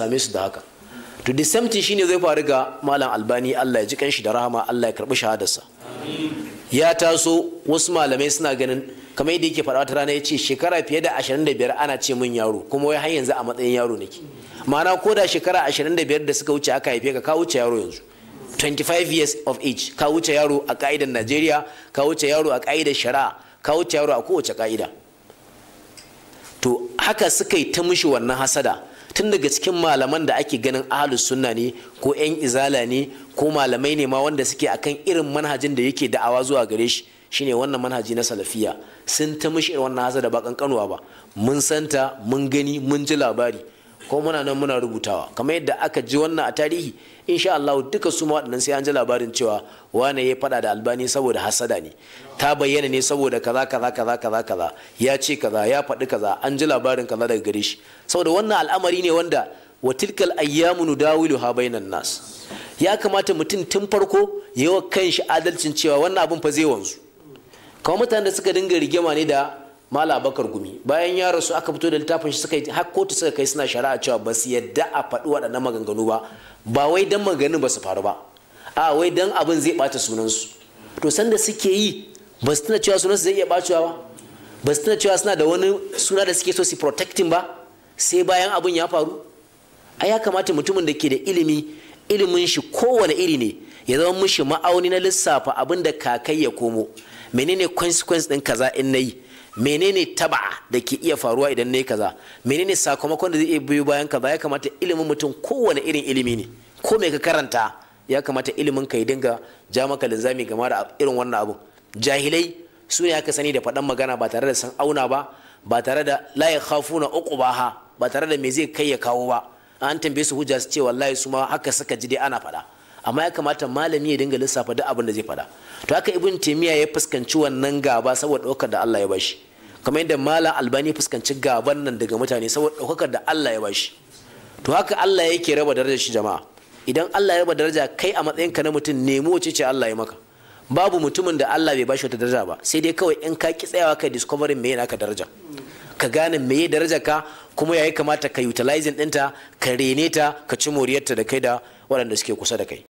same su da haka to the same thing shine zai faru ga malam albani Allah ya ji kanshi da rahama Allah ya karbi shahadarsa ya taso wasu malamai suna ganin kamar yadda yake faɗa ta rana ya shekara fiye da 25 ana ce mun yaro kuma wai har yanzu a matsayin yaro nake ma'ana ko da shekara 25 da suka wuce aka haife ka ka wuce yaro yanzu 25 years of age ka wuce yaro a ka'idar Najeriya ka wuce yaro a ka'idar shari'a ka wuce yaro a kowace ka'ida to haka suka yi ta mushi wannan hasada tun daga cikin malaman da ake ganin ahalus sunna ne ko 'yan izala ne ko malamai ne ma wanda suke akan irin manhajin da yake da'awa zuwa gare shi shine wannan manhaji na salafiya sun ta mushi wannan hasada ba kankanuwa ba mun santa mun gani mun ji labari ko muna nan muna rubutawa kamar yadda aka ji wannan a tarihi insha Allah duka su ma waɗannan sai an ji labarin cewa wane ya faɗa da albani saboda hasada ne ta bayyana ne saboda kaza kaza kaza kaza kaza ya ce kaza ya faɗi kaza an ji labarin kaza daga gare shi saboda wannan al'amari ne wanda wa tilkal ayyamu nudawilu ha bainan nas ya kamata mutum tun farko ya yi wa kanshi adalcin cewa wannan abin fa zai wanzu kamar mutanen da suka dinga rigima ne da mala bakar gumi bayan ya rasu aka fito da littafin shi suka yi har kotu suka kai suna shari'a cewa ba su yadda a faɗi waɗannan maganganu ba ba wai dan maganganun ba su faru ba a wai dan abin zai ɓata sunansu to sanda suke yi ba su tuna cewa sunansu zai iya ɓacewa ba ba su tuna cewa suna da wani suna da suke so su protecting ba sai bayan abin ya faru a ya kamata mutumin da ke da ilimi ilimin shi kowane iri ne ya zama mishi ma'auni na lissafa abin da kakai ya komo menene consequence ɗin kaza in na yi menene taba da ke iya faruwa idan ne kaza menene sakamakon da zai iya biyo bayan kaza ya kamata ilimin mutum kowane irin ilimi ne ko mai ka karanta ya kamata ilimin ka ya dinga ja maka linzami game da irin wannan abu jahilai su ne aka sani da faɗan magana ba tare da san auna ba ba tare da layi khafuna uku ba ha ba tare da me zai kai ya kawo ba an tambaye su hujja su ce wallahi su ma haka suka ji dai ana faɗa amma ya kamata malami ya dinga lissafa duk abin da zai faɗa to haka ibn taymiya ya fuskanci wannan gaba saboda ɗaukar da Allah ya bashi kamar yadda malam albani fuskanci gaban nan daga mutane saboda ɗaukar da Allah ya bashi to haka Allah yake raba darajar shi jama'a idan Allah ya raba daraja kai a matsayinka na mutum nemi wace ce Allah ya maka babu mutumin da Allah bai bashi wata daraja ba sai dai kawai in ka ki tsayawa kai discovering me naka daraja ka gane me ya daraja ka kuma yayi kamata ka utilizing dinta ka rene ta ka ci moriyarta da kai da waɗanda suke kusa da kai